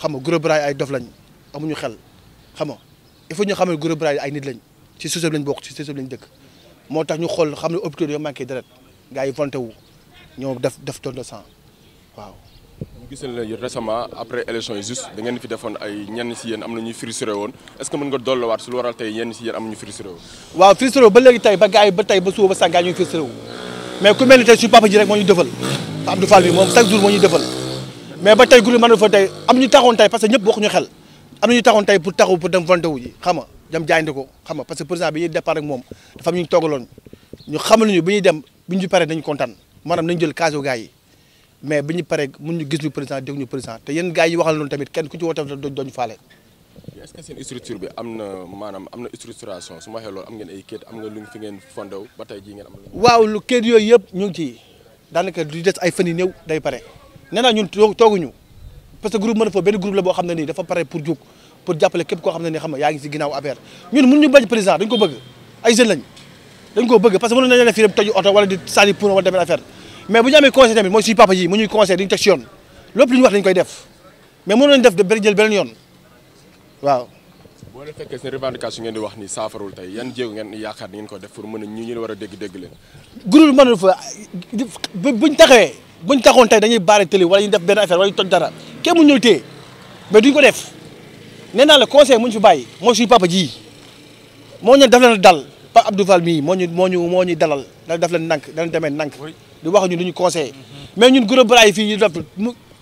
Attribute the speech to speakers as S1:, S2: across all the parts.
S1: xam nga groupe ay dof lañ amuñu xel xam il faut ñu xam ne groupe ay nit lañ ci société lañ bokk ci société lañ dëkk moo tax ñu xool xam ne hôpital yoo manqué deret gars yi volonté wu ñoo def def don de sang
S2: waaw. ñu gisal récemment après élection juste da ngeen fi defoon ay ñenn si yéen am na ñuy frustré woon est ce que mën nga dolliwaat su waral tey ñenn si yéen am ñu frustré woon.
S1: waaw frustré ba léegi tey ba gars yi ba tey ba suba ba sànq ñuy frustré wu mais ku mel ni tey suñu papa ji rek moo ñu defal Abdou Fall bi moom chaque jour moo ñu defal. mais ba tey groupe man fa tey am ñu taxoon tey parce que ñëpp waxuñu xel am ñu taxoon tey pour taxaw pour dem volonté wu ji xam nga dem ko xam nga parce que président bi ñuy moom dafa am ñu toogaloon ñu xamal ñu bi ñuy dem kontaan maanaam nañu jël kaasu gars yi mais bi ñu paree mun ñu gis ñu président dégg ñu président te yéen gars yi waxal noonu tamit kenn ku ci woote dooñu faale
S2: bi am na maanaam am na structuration su ma waxee loolu am
S1: waaw lu kayit yooyu yëpp ñu ngi ci daanaka du des ay fan yu néew day pare nena ñun toguñu parce que groupe Manafort benn groupe la bo xamné ni dafa paré pour djuk pour jappalé képp ko xamné ni xam nga yaa ngi si ginnaaw affaire ñun mënuñu bañ président dañ ko bëgg ay jeunes lañ dañ ko bëgg parce que mënoon nañu def fi rek toj oto wala di sali pour wala demee affaire mais bu ñu conseil tamit moy suñu papa yi mu ñuy conseil dañu teg si yoon lépp lu wax dañ koy def mais mënoon nañ def de bëri jël beneen yoon
S2: waaw boo leen fekkee seen revendication ngeen di wax ni saafarul tey yan jéego ngeen yaakaar ni ngeen ko def pour mën a ñi ñu war a dégg-dégg leen
S1: groupe mën na fa buñ taxawee buñ taxoon tey dañuy baare télé wala ñu def benn affaire wala ñu toj dara kenn mu ñëw duñ ko def nee naa la conseil mu ñu fi bàyyi moo suñu papa ji moo ñu daf leen dal Pape Abdou Fall mii moo ñu moo ñu moo ñu dalal da daf leen nank dana demee nank di wax ñu duñu conseillé mais ñun groupe brayi fii ñu def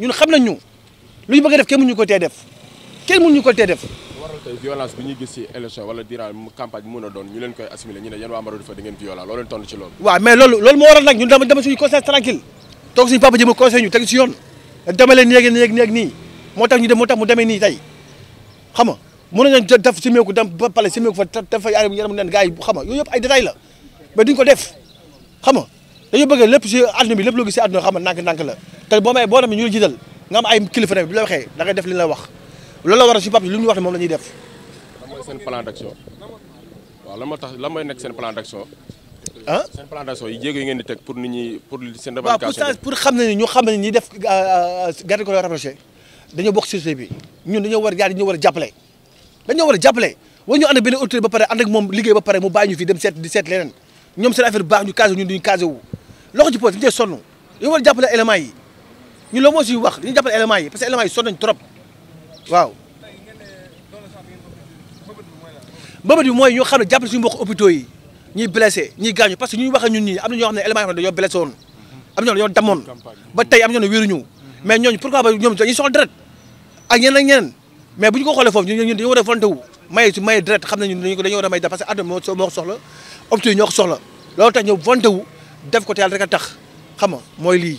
S1: ñun xam nañ ñu lu ñu bëgg a def kenn mënuñu ko tee def kenn mënuñu ko tee def
S2: violence bi ñuy gis ci élection wala diiraa campagne bi mën a doon ñu leen koy assimilé ñu ne yéen waa Marodi fa da ngeen violent loo leen tontu ci loolu waaw mais loolu loolu moo
S1: waral nag ñun dama dama suñu conseil tranquille toog suñu papa ji ma conseil ñu teg ci yoon dama leen yéeg yéeg yéeg nii moo tax ñu dem moo tax mu demee nii tey xam nga mën nañu def simeeku dem ba pale simeeku fa def fa yaram neen gars yi xam nga yooyu yëpp ay détails la mais duñ ko def xam nga dañu bëgg lépp ci àdduna bi lépp loo gis ci àdduna xam nga nànk-nànk la te boo may boo demee ñu la jiital nga am ay kilifa bi bu la waxee da ngay def li la wax loolu la war a si papier lu ñu wax
S2: la ñuy mooy nekk seen plan d' ah seen plan d' yi jéego yi ngeen di teg pour nit ñi pour seen. revendication waaw
S1: xam ne ñu xam ne ñi def euh, euh, garde corps rapproché dañoo bokk société bi war a jaar dañoo war a jàppale. dañoo war a jàppale ñu ànd benn autorité ba pare ànd moom liggéey ba pare mu bàyyi ñu fi dem seet di seet leneen ñoom seen affaire baax ñu casé ñun duñu casé wu. loxo ci poche dañu see dañoo war a jàppale yi ñun loolu moo wax dañuy jàppale éléments yi parce que éléments yi sonn nañ trop waaw mbëbët bi mooy ñoo xam ne jàppale suñu mbokk hôpitaux yi ñuy blessé ñuy gaañu parce que ñuy wax ñun ñi am na ñoo xam ne élément yoo xam ne dañoo blessé woon am na ñoo dañoo damoon ba tey am na ñoo ne wéruñu mais ñooñu pourquoi ba ñoom dañuy soxla deret ak ñeneen mais bu ñu ko xoolee foofu ñun dañoo war a volonté wu maye su maye a may deret parce que moo ko soxla hôpitaux ñoo ko soxla loolu tax ñoo volonté wu def ko te yàlla rek a tax xam nga mooy lii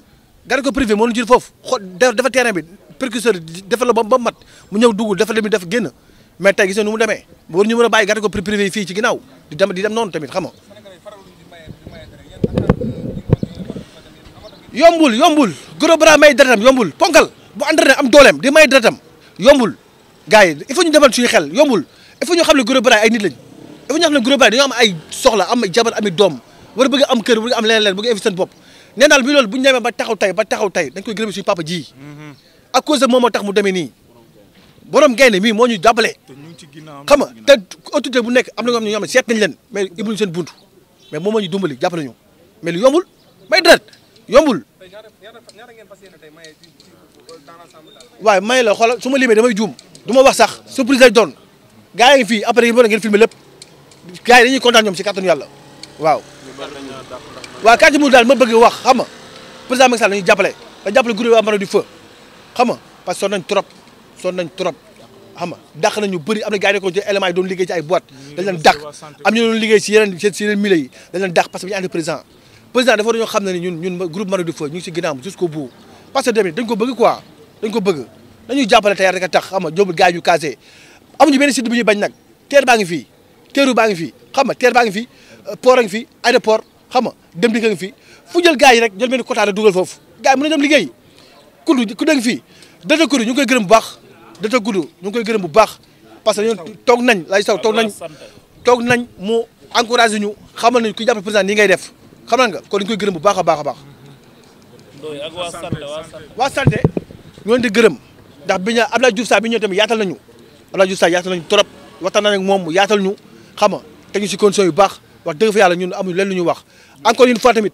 S1: gare ko privé moo ñu jur foofu xool dafa terrain bi précurseur dafa ba mu mat mu ñëw dugg dafa dem def génn mais tey gis nga nu mu demee war ñu mën a bàyyi gare ko privé fii ci ginnaaw di dem di dem noonu tamit xam nga yombul yombul gros bras may deretam yombul ponkal bu entraîné am dooleem di may deretam yombul gars yi il faut ñu demal suñu xel yombul il faut ñu xam ne gros bras ay nit lañ il faut ñu xam ne gros bras dañoo am ay soxla am jabar ami doom war bëgg am kër war bëgg am leneen leneen bëgg investi seen bopp nee naal bi bu ñu demee ba taxaw tey ba taxaw tey dañ koy gërëm suñu papa ji mhm. à cause moom a tax mu demee nii borom gaynde mii moo ñu jàppale xam nga te autorité bu nekk am na ñoo xam seet nañ leen mais ibluñu seen buntu mais moom moo ñu dimbali jàppale ñu mais lu yombul may deret yombul waaye may la xoolal su ma limee damay juum du ma wax sax surprise lay doon gars yi ngi fii après yi mën a lépp gars yi dañuy kontaan ñoom si kàttanu yàlla waaw waaw quartier Mbour daal ma bëgg wax xam nga président Macky Sall nañu jàppale da jàppale groupe waa Marodi du feu xam nga parce son nañ trop son nañ trop xam nga dàq nañu bëri am na gars yi nekkoon ci éléments yi ay boîte mm, dañ leen dàq am ñu doon liggéey si yeneen si yeneen milieu yi dañ ne ni ñun ñun groupe Marodi du feu ko bëgg quoi dañ ko bëgg dañuy jàppale te yar rek a tax xam nga jóobul gars yi ñu casé amuñu benn site bu ñuy baa ngi fii teeru baa ngi fii xam nga terre baa ngi fii euh, port a ngi fii xam nga dem di nga fi fu jël gars yi rek jël benn quota la dugal foofu gars yi mën na dem liggéey kudd ku dégg fii data kudd ñu koy gërëm bu baax data kudd ñu ngi koy gërëm bu baax parce que ñun toog nañ lay saw toog nañ toog nañ mu encouragé ñu xamal nañ ku jàpp président nii ngay def xam nga kon ñu koy gërëm bu baax a baax a baax waa santé ñoo di gërëm ndax bi ñu Abdoulaye Diouf Sarr bi ñëw tamit yaatal nañu Abdoulaye Diouf Sarr yaatal trop waxtaan na ak moom yaatal ñu xam nga te ñu si condition yu baax wax dëgg fa yàlla ñun amuñu leen lu ñu wax encore une fois tamit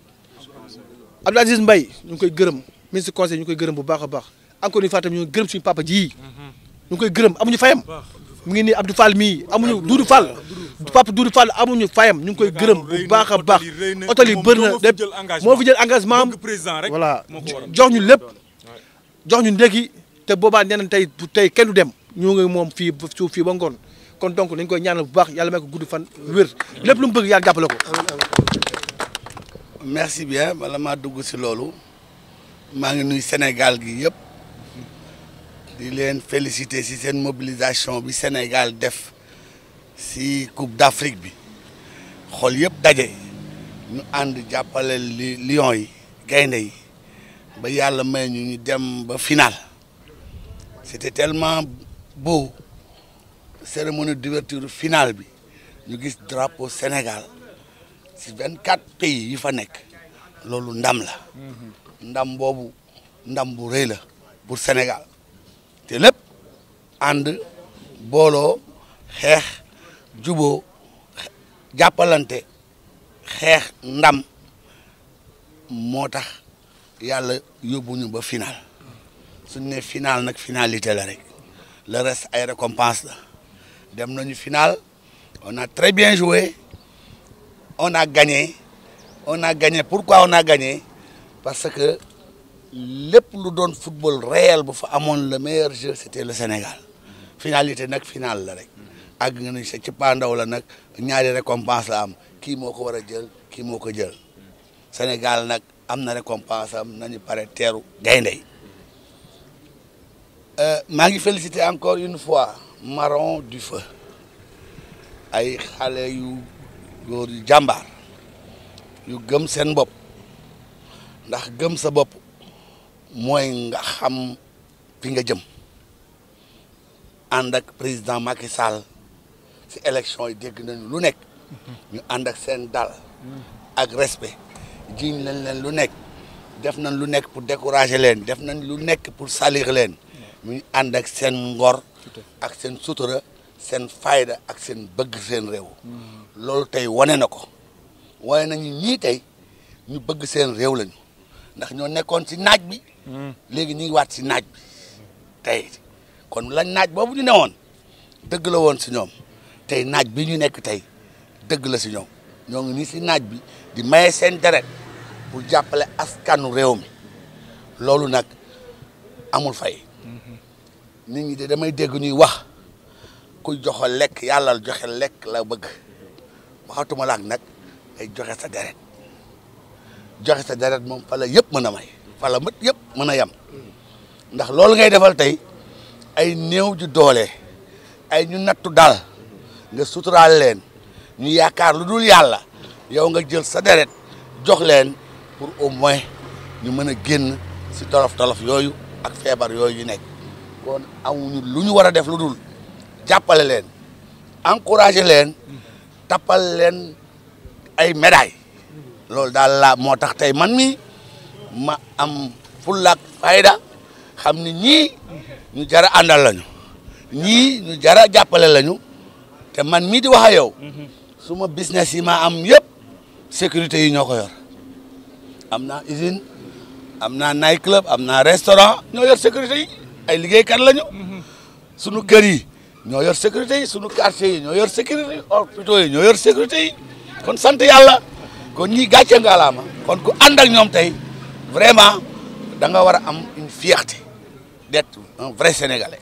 S1: mbay ñu ngi koy gërëm ministre conseil ñu koy gërëm bu baax a baax encore une fois tamit ñu gërëm suñu papa ji ñu ngi koy gërëm amuñu fayam mu ngi nii Abdou Fall mii amuñu Doudou Fall papa Doudou Fall amuñu fayam ñu ngi koy gërëm bu baax a baax hôtel yi bëri na lépp moo fi jël engagement am voilà jox ñu lépp jox ñu ndékki te boobaa nee na tey tey kenn dem ñoo ngi moom fii suuf fii ba ngoon
S3: kon donc dañ koy ñaanal bu baax yalla may ko gudd fan wër lepp lu mu bëgg yàlla jàppale ko. merci bien bala ma dugg ci lolu ma ngi nuy Sénégal gi yépp di leen féliciter si seen mobilisation bi Sénégal def si Coupe d'Afrique bi xol yépp daje ñu ànd jàppale li Lions yi gaynde yi ba yàlla may ñu ñu dem ba final c'était tellement beau. cérémonie d'ouverture finale bi ñu gis drapo Sénégal ci vingt-quatre pays yi fa nekk loolu ndam la mhm. ndam boobu ndam bu rëy la pour Sénégal te lépp ànd booloo xeex jubo jàppalante xeex ndam moo tax yàlla yóbbuñu ba final suñ ne final nag finalité la rek le reste ay récompense la finale on a très bien joué on a gagné on a gagné pourquoi on a gagné parce que le plus grand football réel bu le meilleur jeu c'était le Sénégal finalité n'ak finale la rek àgg qui ni ci pandaw la n'ak ñaari récompense la am kii qui ko war a jël kii moo Sénégal n'ak des récompenses, récompense am nañu pare Je gaynde euh, maa ngi féliciter encore une fois marron du feu ay xalé yu goor yu jàmbaar yu gëm sen bop ndax gëm sa bop moy nga xam fi nga jëm and ak président Macky Sall ci élection yi dégg nañu lu nekk ñu and ak sen dal ak respect jiñ nañ leen lu nekk def nañ lu nekk pour décourager leen def nañ lu nekk pour salir leen ñu and ak sen ngor ak seen sutura seen fayda ak seen bëgg seen réew loolu tey wane na ko wane nañu ñii tey ñu bëgg seen réew lañu ndax ñoo nekkoon ci naaj bi hmm. léegi ñu ngi waat si naaj bi tey kon lañ naaj boobu ñu newoon dëgg la woon si ñoom tey naaj bi ñu nekk tey dëgg la si ñoom ñoo ngi nii si naaj bi di maye seen deret pour jàppale askanu réew mi loolu nag amul fay nit ñi de damay dégg ñuy wax ku joxe lekk yàlla joxe lekk la bëgg waxatuma laak nag ay joxe sa deret joxe sa deret moom fa yëpp mën a may fa mët yëpp mën a yem ndax loolu ngay defal tey ay néew ju doole ay ñu nattu daal nga suturaal leen ñu yaakaar lu dul yàlla yow nga jël sa deret jox leen pour au moins ñu mën a génn si tolof tolof yooyu ak feebar yooyu yu nekk kon amuñu lu ñu war a def lu dul jàppale leen encouragé leen tappale leen ay médailles loolu daal laa moo tax tey man mi ma am fullaak fayda xam ni ñii ñu jara àndal lañu ñii ñu jara jàppale lañu te man mii di wax yow suma business yi ma am yëpp sécurité yi ñoo ko yor am naa usine am naa night club am naa restaurant ñoo yor sécurité ay liggéey liggéeykat lañu. sunu kër yi ñoo yor sécurité yi sunu quartier yi ñoo yor sécurité yi hôpitaux yi ñoo yor kon sant yàlla kon ñii gàcce nga alaama kon ku ànd ak ñoom tey vraiment danga nga war a am une fierté
S2: d'être vrai sénégalais.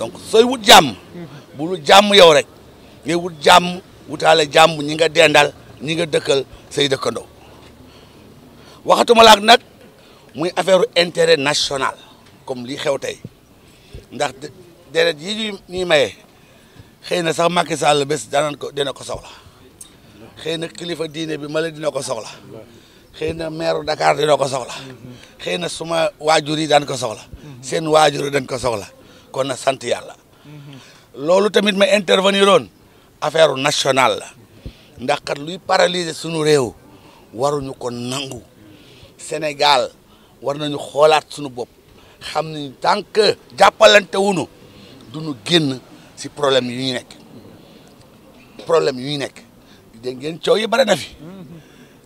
S3: donc sooy wut jàmm bulu jàmm yow rek ngay wut jàmm wutaale jàmm ñi nga dendal ñi nga dëkkal say dëkkandoo waxatuma laak nag muy affaire intérêt national comme lii xew tey ndax deret yi ñuy maye xëy na sax Macky Sall bés danañ ko dina ko xëy na kilifa diine bi mala dina ko soxla xëy na maire Dakar dina ko soxla xëy na suma waajur yi daan ko soxla seen waajur yi ko soxla kon na sant yàlla loolu tamit ma intervenir oon affaire nationale la ndax kat luy paralyser suñu réew waruñu kon nangu Sénégal war nañu xoolaat suñu bopp xam ni tant que jàppalante wuñu génn si problème yu ñu nekk problème yu ñu nekk dégg ngeen coow yi bare na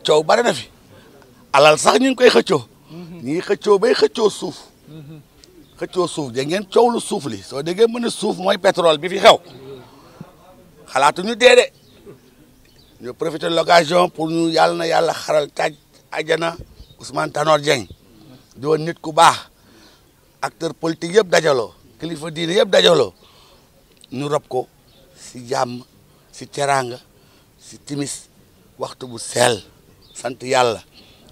S3: coow bare na alal sax ñu koy xëccoo mm-hmm. ñi ngi xëccoo bay suuf mm-hmm. xëccoo suuf da ngeen coow lu suuf li so déggee mën a suuf mooy pétrole bi fi xew xalaatuñu dee de ñu profité l'occasion pour ñu yàlla na yàlla xaral taj ajana Ousmane Tanor Dieng di woon nit ku baax acteur politique yëpp dajaloo kilifa diine yëpp dajaloo ñu rob ko si jàmm si teraanga si timis waxtu bu seel sant yàlla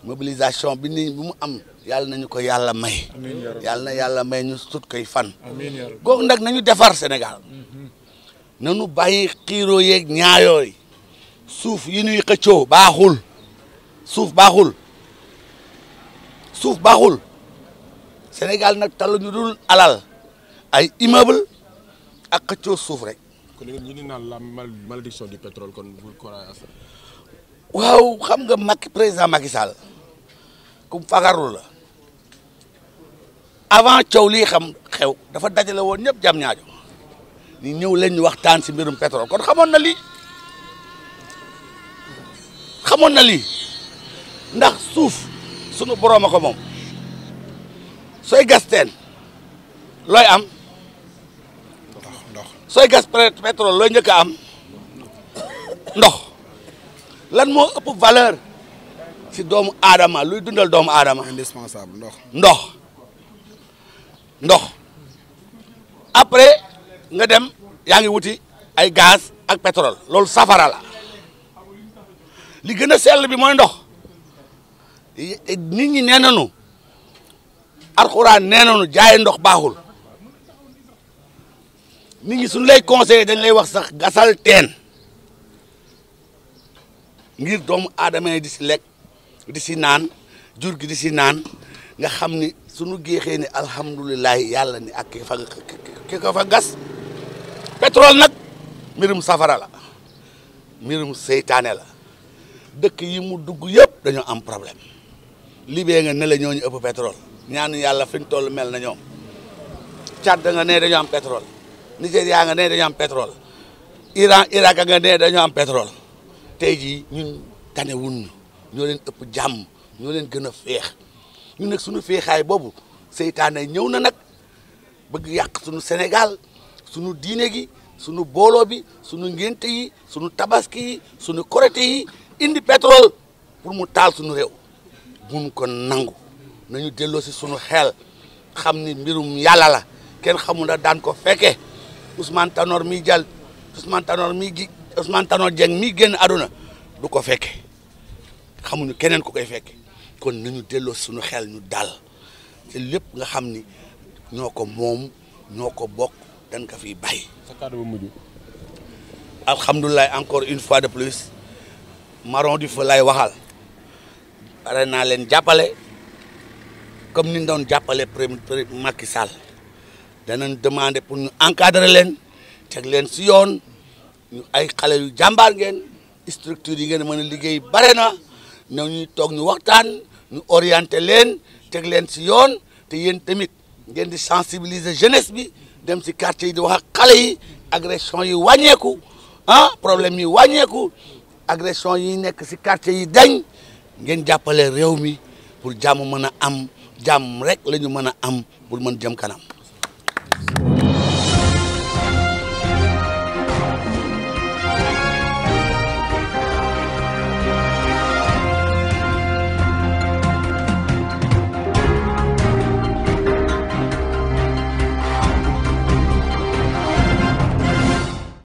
S3: mobilisation bi ni mu am yàlla nañu ko yàlla may yàlla na yàlla may ñu sut koy fan googu nag nañu defar Sénégal mhm. nañu bàyyi xiiroo yeeg ñaayoo yi suuf yi ñuy xëccoo baaxul suuf baaxul suuf baaxul senegal nag talu ñu dul alal ay immeuble ak xëccoo suuf rek kon ñu ni naan la malédiction du waaw xam nga Macky président maki Sall kum fagarul la avant ciow li xam xew dafa dajale won ñep jam ñaaju ni ñew leen ñu waxtaan ci mbirum pétrole kon xamon na li xamon na li ndax suuf sunu borom ko mom soy gas loy am soy gas pétrole loy ñëk am ndox lan mo ëpp valeur si doomu aadama luy dundal doomu aadama. indispensable ndox. ndox ndox après nga dem yaa ngi wuti ay gaz ak pétrole loolu safara la li gën a sell bi mooy ndox nit ñi nee nañu alxuraan nee nañu jaay ndox baaxul nit ñi suñu lay conseillé dañ lay wax sax gasal teen ngir doomu aadama di si lekk. di si naan jur gi di si naan nga xamni ni suñu gexé ni alhamdullilah yalla ni ak fa ki ko fa gas pétrole nak mirum safara la mirum seytane la dekk yi mu dugg yépp dañu am problème libé nga ne la ñooñu ëpp pétrole ñaanu yalla fiñ mel na ñoom Tchad nga ne dañu am pétrole nigeria nga ne dañu am pétrole Iran iraq nga ne dañu am pétrole teji ji ñun tané wuñu ñoo leen ëpp jàmm ñoo leen gën a féex ñu nag suñu féexaay boobu seytaane ñëw na nag bëgg yàq suñu Sénégal suñu diine gi suñu booloo bi suñu ngénte tabaski yi suñu yi indi pétrole pour mu taal suñu réew buñ ko nangu nañu delloo si suñu xel xam ni mbirum yàlla la kenn xamul na daan ko fekke Ousmane Tanor mi usman Tanor mi gi Ousmane Tanor jeng mi génn aduna du ko xamuñu keneen ku koy fekk kon nañu delloo suñu xel ñu dal te lépp nga xam ni ñoo ko moom ñoo ko bokk dañ ka fiy bàyyi. sa kàddu ba mujj. alhamdulilah encore une fois de plus maron du feu lay waxal pare naa leen jàppale comme ni ñu doon jàppale premier Macky Sall danañ demander pour ñu encadrer leen teg leen si yoon ñu ay xale yu jàmbaar ngeen structure yi ngeen mën liggéey bare ñoo ñuy toog ñu waxtaan ñu orienté leen teg leen si yoon te yéen tamit ngeen di sensibiliser jeunesse bi dem si quartier yi di wax ak xale yi agression yi wàññeeku ah problème yi wàññeeku agression yi nekk si quartier yi dañ ngeen jàppale réew mi pour jàmm mën a am jàmm rek la ñu mën a am pour mën jëm kanam